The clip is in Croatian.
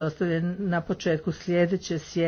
ostavljen na početku sljedeće sjednice.